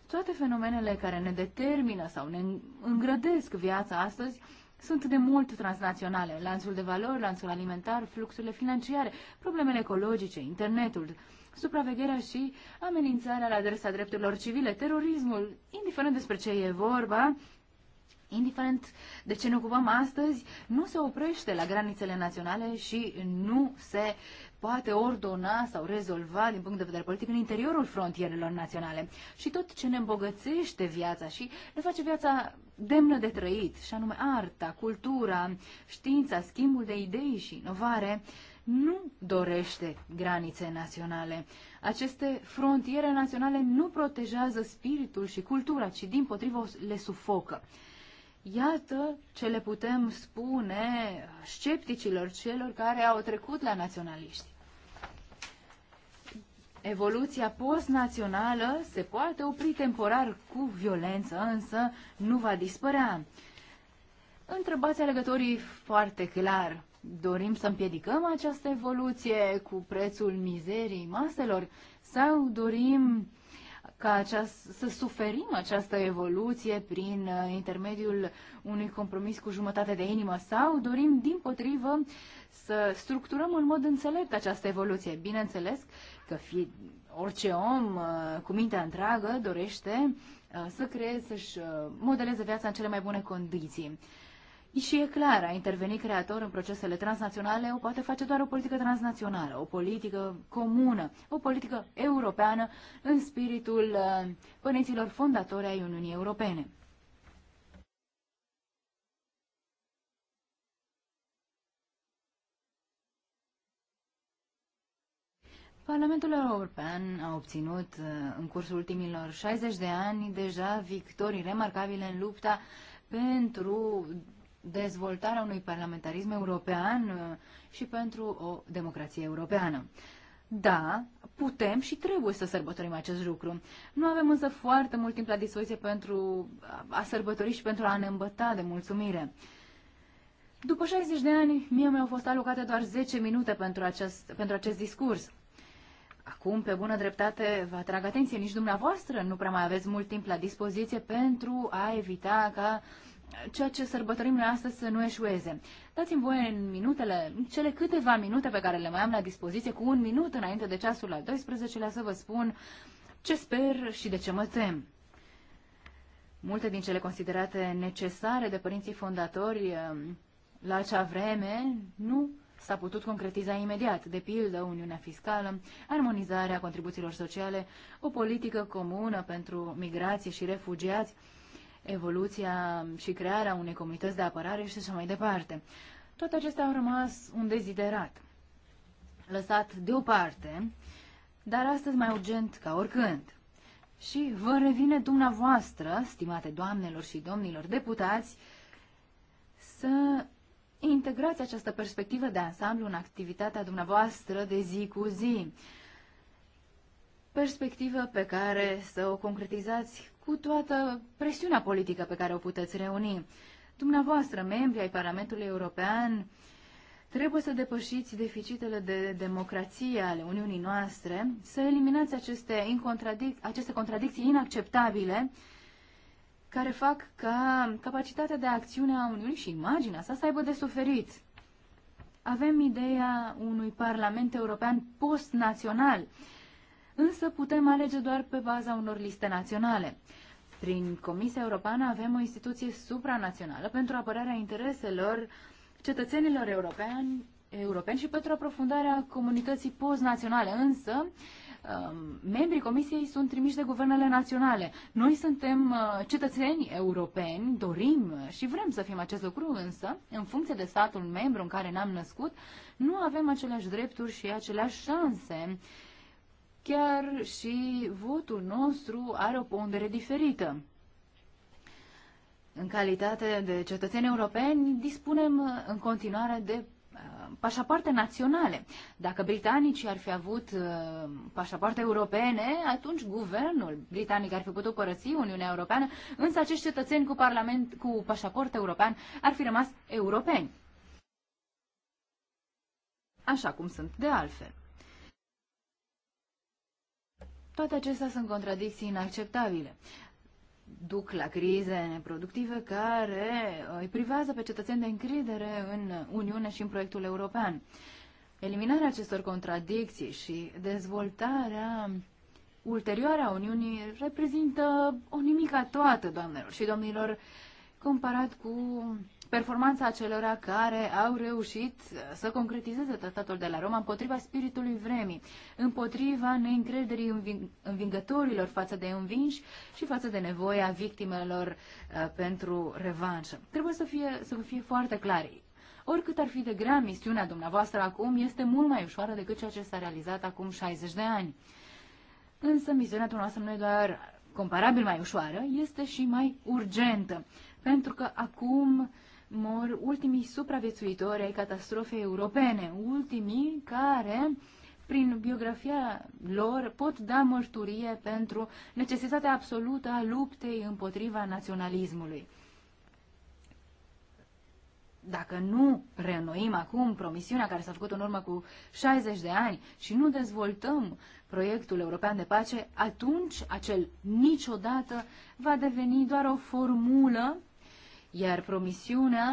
Toate fenomenele care ne determină sau ne îngrădesc viața astăzi sunt de mult transnaționale. Lanțul de valori, lanțul alimentar, fluxurile financiare, problemele ecologice, internetul, supravegherea și amenințarea la adresa drepturilor civile, terorismul, indiferent despre ce e vorba, indiferent de ce ne ocupăm astăzi, nu se oprește la granițele naționale și nu se poate ordona sau rezolva din punct de vedere politic în interiorul frontierelor naționale. Și tot ce ne îmbogățește viața și ne face viața demnă de trăit, și anume arta, cultura, știința, schimbul de idei și inovare, nu dorește granițe naționale. Aceste frontiere naționale nu protejează spiritul și cultura, ci din potrivă le sufocă. Iată ce le putem spune scepticilor, celor care au trecut la naționaliști. Evoluția post se poate opri temporar cu violență, însă nu va dispărea. Întrebați alegătorii foarte clar. Dorim să împiedicăm această evoluție cu prețul mizerii maselor sau dorim uh, ca aceast, să suferim această evoluție prin uh, intermediul unui compromis cu jumătate de inimă sau dorim din potrivă să structurăm în mod înțelept această evoluție. Bineînțeles că fie, orice om uh, cu mintea întreagă dorește uh, să creeze, să-și modeleze viața în cele mai bune condiții. Și e clar, a interveni creator în procesele transnaționale o poate face doar o politică transnațională, o politică comună, o politică europeană în spiritul uh, părinților fondatori ai Uniunii Europene. Parlamentul European a obținut uh, în cursul ultimilor 60 de ani deja victorii remarcabile în lupta pentru dezvoltarea unui parlamentarism european uh, și pentru o democrație europeană. Da, putem și trebuie să sărbătorim acest lucru. Nu avem însă foarte mult timp la dispoziție pentru a sărbători și pentru a ne îmbăta de mulțumire. După 60 de ani, mie mi-au fost alocate doar 10 minute pentru acest, pentru acest discurs. Acum, pe bună dreptate, vă atrag atenție, nici dumneavoastră nu prea mai aveți mult timp la dispoziție pentru a evita ca ceea ce sărbătorim noi astăzi să nu eșueze. Dați-mi voie în minutele, cele câteva minute pe care le mai am la dispoziție, cu un minut înainte de ceasul al 12-lea, să vă spun ce sper și de ce mă tem. Multe din cele considerate necesare de părinții fondatori um, la acea vreme nu s-a putut concretiza imediat, de pildă Uniunea Fiscală, armonizarea contribuțiilor sociale, o politică comună pentru migrație și refugiați, evoluția și crearea unei comunități de apărare și așa mai departe. Toate acestea au rămas un deziderat, lăsat deoparte, dar astăzi mai urgent ca oricând. Și vă revine dumneavoastră, stimate doamnelor și domnilor deputați, să integrați această perspectivă de ansamblu în activitatea dumneavoastră de zi cu zi. Perspectivă pe care să o concretizați cu toată presiunea politică pe care o puteți reuni. Dumneavoastră, membri ai Parlamentului European, trebuie să depășiți deficitele de democrație ale Uniunii noastre, să eliminați aceste, contradic- aceste contradicții inacceptabile care fac ca capacitatea de acțiune a Uniunii și imaginea sa să aibă de suferit. Avem ideea unui Parlament European post-național, însă putem alege doar pe baza unor liste naționale. Prin Comisia Europeană avem o instituție supranațională pentru apărarea intereselor cetățenilor europeni, europeni și pentru aprofundarea comunității post-naționale, însă um, membrii Comisiei sunt trimiși de guvernele naționale. Noi suntem uh, cetățeni europeni, dorim și vrem să fim acest lucru, însă, în funcție de statul membru în care ne-am născut, nu avem aceleași drepturi și aceleași șanse chiar și votul nostru are o pondere diferită. În calitate de cetățeni europeni, dispunem în continuare de uh, pașapoarte naționale. Dacă britanicii ar fi avut uh, pașapoarte europene, atunci guvernul britanic ar fi putut părăsi Uniunea Europeană, însă acești cetățeni cu, parlament, cu pașaport european ar fi rămas europeni. Așa cum sunt de altfel. Toate acestea sunt contradicții inacceptabile. Duc la crize neproductive care uh, îi privează pe cetățeni de încredere în Uniune și în proiectul european. Eliminarea acestor contradicții și dezvoltarea ulterioară a Uniunii reprezintă o nimica toată, doamnelor și domnilor, comparat cu performanța acelora care au reușit să concretizeze tratatul de la Roma împotriva spiritului vremii, împotriva neîncrederii învingătorilor față de învinși și față de nevoia victimelor uh, pentru revanșă. Trebuie să fie, să fie foarte clar. Oricât ar fi de grea misiunea dumneavoastră acum, este mult mai ușoară decât ceea ce s-a realizat acum 60 de ani. Însă misiunea dumneavoastră nu e doar comparabil mai ușoară, este și mai urgentă. Pentru că acum mor ultimii supraviețuitori ai catastrofei europene, ultimii care prin biografia lor pot da mărturie pentru necesitatea absolută a luptei împotriva naționalismului. Dacă nu reînnoim acum promisiunea care s-a făcut în urmă cu 60 de ani și nu dezvoltăm proiectul european de pace, atunci acel niciodată va deveni doar o formulă iar promisiunea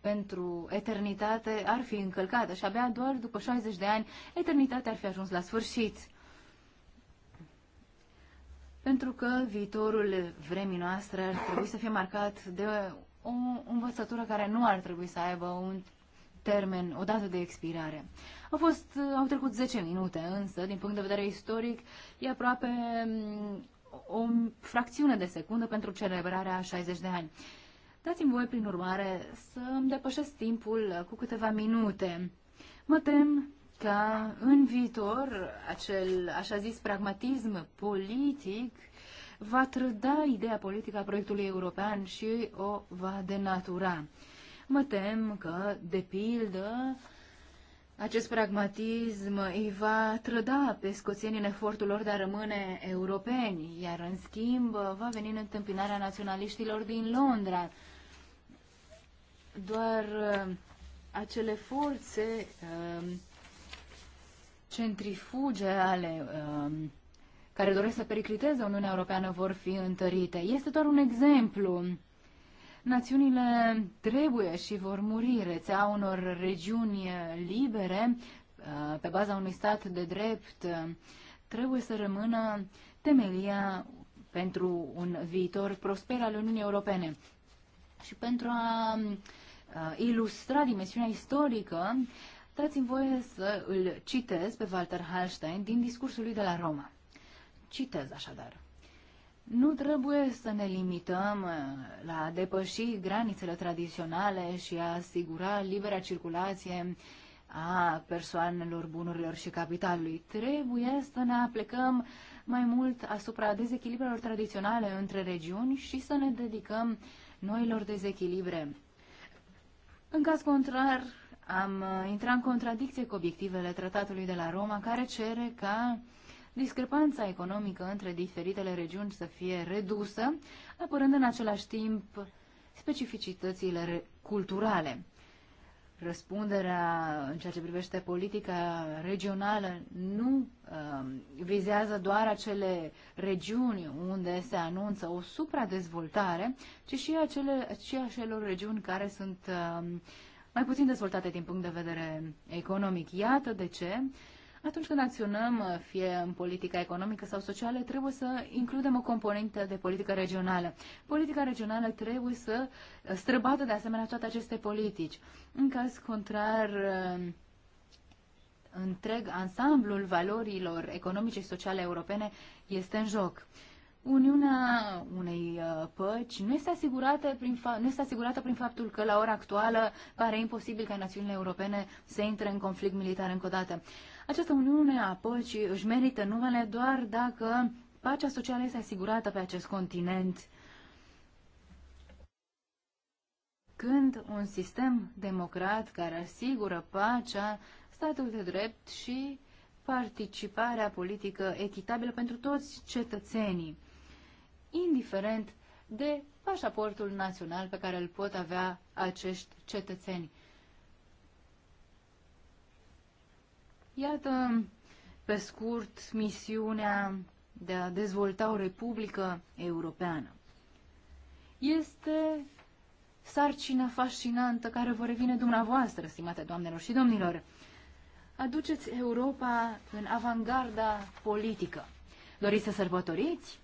pentru eternitate ar fi încălcată și abia doar după 60 de ani eternitatea ar fi ajuns la sfârșit. Pentru că viitorul vremii noastre ar trebui să fie marcat de o învățătură care nu ar trebui să aibă un termen, o dată de expirare. Au, fost, au trecut 10 minute, însă, din punct de vedere istoric, e aproape mm, o fracțiune de secundă pentru celebrarea 60 de ani. Dați-mi voi, prin urmare, să îmi depășesc timpul cu câteva minute. Mă tem ca în viitor acel așa zis pragmatism politic va trăda ideea politică a proiectului european și o va denatura. Mă tem că, de pildă, acest pragmatism îi va trăda pe scoțieni în efortul lor de a rămâne europeni, iar în schimb va veni în întâmpinarea naționaliștilor din Londra, doar uh, acele forțe uh, centrifuge ale uh, care doresc să pericliteze Uniunea Europeană vor fi întărite. Este doar un exemplu. Națiunile trebuie și vor muri. Rețea unor regiuni libere, pe baza unui stat de drept, trebuie să rămână temelia pentru un viitor prosper al Uniunii Europene. Și pentru a Uh, ilustra dimensiunea istorică, dați-mi voie să îl citez pe Walter Hallstein din discursul lui de la Roma. Citez așadar. Nu trebuie să ne limităm uh, la a depăși granițele tradiționale și a asigura libera circulație a persoanelor, bunurilor și capitalului. Trebuie să ne aplicăm mai mult asupra dezechilibrelor tradiționale între regiuni și să ne dedicăm noilor dezechilibre în caz contrar, am uh, intrat în contradicție cu obiectivele tratatului de la Roma, care cere ca discrepanța economică între diferitele regiuni să fie redusă, apărând în același timp specificitățile culturale răspunderea în ceea ce privește politica regională nu um, vizează doar acele regiuni unde se anunță o supradezvoltare, ci și, acele, și acelor regiuni care sunt um, mai puțin dezvoltate din punct de vedere economic. Iată de ce uh, atunci când acționăm, uh, fie în politica economică sau socială, trebuie să includem o componentă de politică regională. Politica regională trebuie să uh, străbată de asemenea toate aceste politici. În caz contrar, uh, întreg ansamblul valorilor economice și sociale europene este în joc. Uniunea unei păci nu este, asigurată prin fa- nu este asigurată prin faptul că la ora actuală pare imposibil ca națiunile europene să intre în conflict militar încă o dată. Această Uniune a Păcii își merită numele doar dacă pacea socială este asigurată pe acest continent. Când un sistem democrat care asigură pacea, statul de drept și participarea politică echitabilă pentru toți cetățenii, indiferent de pașaportul național pe care îl pot avea acești cetățeni. Iată, pe scurt, misiunea de a dezvolta o republică europeană. Este sarcina fascinantă care vă revine dumneavoastră, stimate doamnelor și domnilor. Aduceți Europa în avangarda politică. Doriți să sărbătoriți?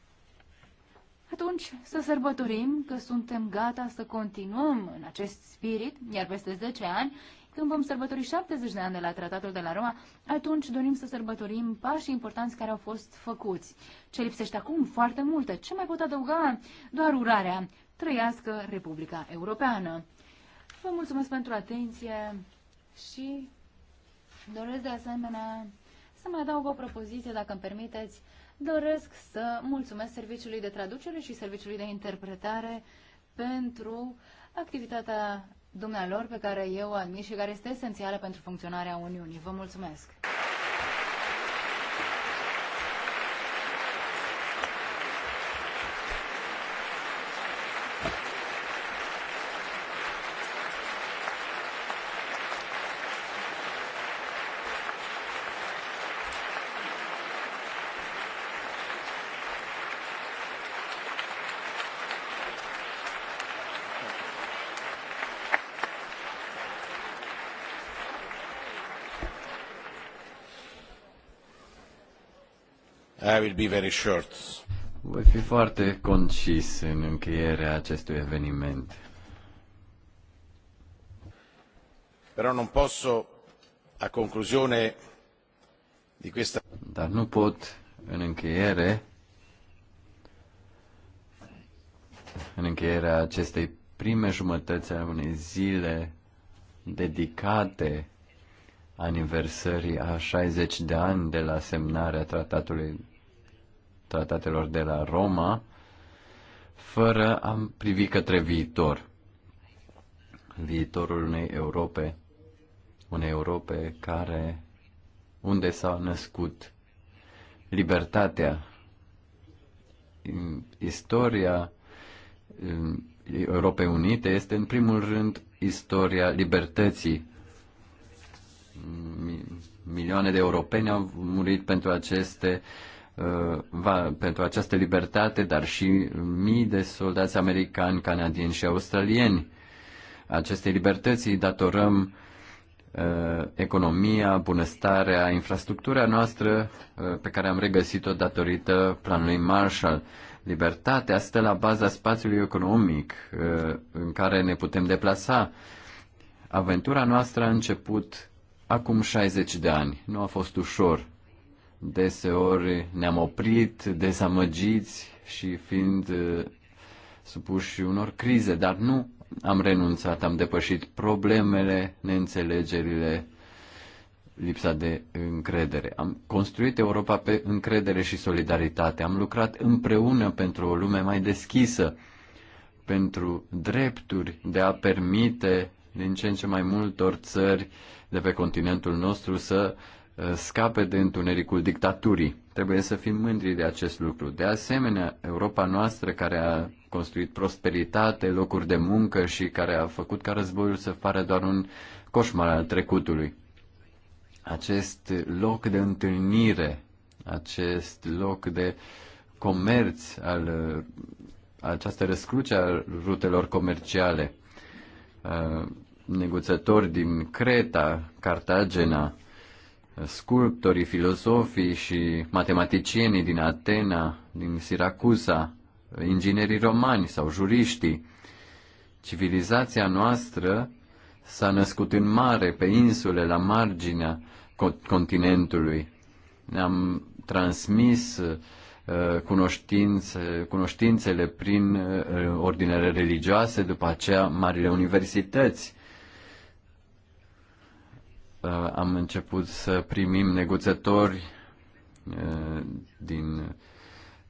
Atunci să sărbătorim că suntem gata să continuăm în acest spirit, iar peste 10 ani când vom sărbători 70 de ani de la Tratatul de la Roma, atunci dorim să sărbătorim pașii importanți care au fost făcuți. Ce lipsește acum? Foarte multe. Ce mai pot adăuga? Doar urarea. Trăiască Republica Europeană. Vă mulțumesc pentru atenție și doresc de asemenea să mai adaug o propoziție, dacă îmi permiteți. Doresc să mulțumesc Serviciului de Traducere și Serviciului de Interpretare pentru activitatea dumnealor pe care eu o admir și care este esențială pentru funcționarea Uniunii. Vă mulțumesc! I will be very short. Voi fi foarte concis în încheierea acestui eveniment. Però non posso, a conclusione di questa... Dar nu pot, în încheiere, în încheierea acestei prime jumătăți a unei zile dedicate aniversării a 60 de ani de la semnarea tratatului tratatelor de la Roma, fără a privi către viitor. Viitorul unei Europe, unei Europe care, unde s-a născut libertatea, istoria Europei Unite este în primul rând istoria libertății. Milioane de europeni au murit pentru aceste uh, Uh, va, pentru această libertate, dar și mii de soldați americani, canadieni și australieni. Acestei libertății datorăm uh, economia, bunăstarea, infrastructura noastră uh, pe care am regăsit-o datorită planului Marshall. Libertatea stă la baza spațiului economic în care ne putem deplasa. Aventura noastră a început acum 60 de ani. Nu a fost ușor. Deseori ne-am oprit, dezamăgiți și fiind uh, supuși unor crize, dar nu am renunțat, am depășit problemele, neînțelegerile, lipsa de încredere. Am construit Europa pe încredere și solidaritate. Am lucrat împreună pentru o lume mai deschisă, pentru drepturi de a permite din ce în ce mai multor țări de pe continentul nostru să Uh, scape de întunericul dictaturii. Trebuie să fim mândri de acest lucru. De asemenea, Europa noastră care a construit prosperitate, locuri de muncă și care a făcut ca războiul să pară doar un coșmar al trecutului. Acest loc de întâlnire, acest loc de comerț, al, uh, această răscruce a rutelor comerciale, uh, neguțători din Creta, Cartagena, sculptorii, filozofii și matematicienii din Atena, din Siracusa, inginerii romani sau juriștii. Civilizația noastră s-a născut în mare, pe insule, la marginea continentului. Ne-am transmis uh, cunoștințe, cunoștințele prin uh, ordinele religioase, după aceea marile universități, am început să primim negociatori din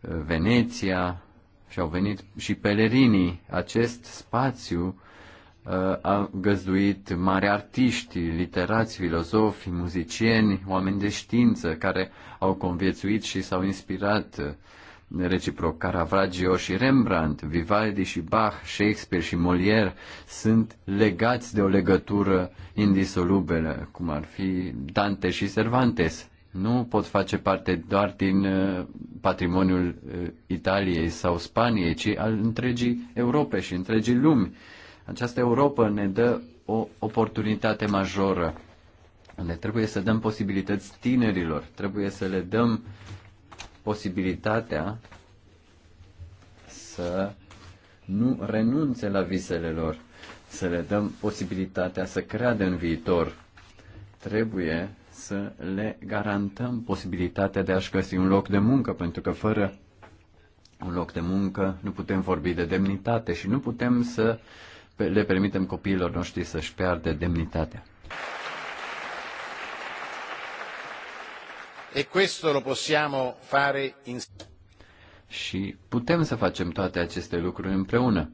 Veneția și au venit și pelerinii. Acest spațiu a găzduit mari artiști, literați, filozofi, muzicieni, oameni de știință care au conviețuit și s-au inspirat reciproc. Caravaggio și Rembrandt, Vivaldi și Bach, Shakespeare și Molière sunt legați de o legătură indisolubilă, cum ar fi Dante și Cervantes. Nu pot face parte doar din uh, patrimoniul uh, Italiei sau Spaniei, ci al întregii Europe și întregii lumi. Această Europa ne dă o oportunitate majoră. Ne trebuie să dăm posibilități tinerilor, trebuie să le dăm posibilitatea să nu renunțe la visele lor, să le dăm posibilitatea să creadă în viitor. Trebuie să le garantăm posibilitatea de a-și găsi un loc de muncă, pentru că fără un loc de muncă nu putem vorbi de demnitate și nu putem să le permitem copiilor noștri să-și piardă demnitatea. e questo lo possiamo fare și putem să facem toate aceste lucruri împreună.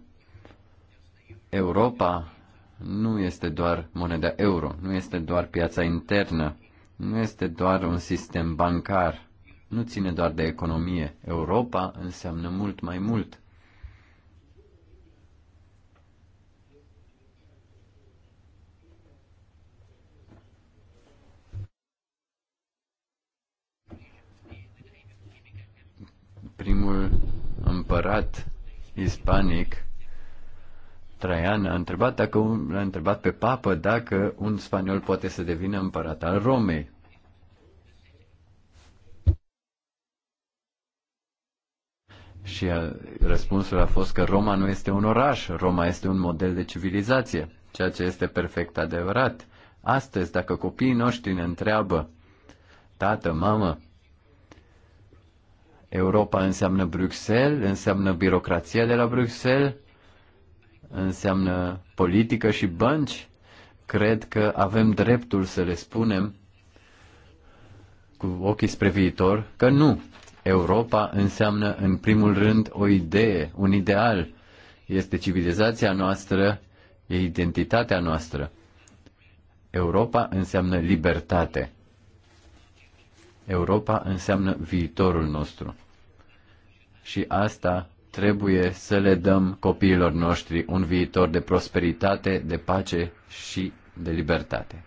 Europa nu este doar moneda euro, nu este doar piața internă, nu este doar un sistem bancar, nu ține doar de economie. Europa înseamnă mult mai mult. primul împărat ispanic, Traian, a întrebat, dacă, un, a întrebat pe papă dacă un spaniol poate să devină împărat al Romei. Și a, răspunsul a fost că Roma nu este un oraș, Roma este un model de civilizație, ceea ce este perfect adevărat. Astăzi, dacă copiii noștri ne întreabă, tată, mamă, Europa înseamnă Bruxelles, înseamnă birocrația de la Bruxelles, înseamnă politică și bănci. Cred că avem dreptul să le spunem cu ochii spre viitor că nu. Europa înseamnă în primul rând o idee, un ideal. Este civilizația noastră, e identitatea noastră. Europa înseamnă libertate. Europa înseamnă viitorul nostru și asta trebuie să le dăm copiilor noștri un viitor de prosperitate, de pace și de libertate.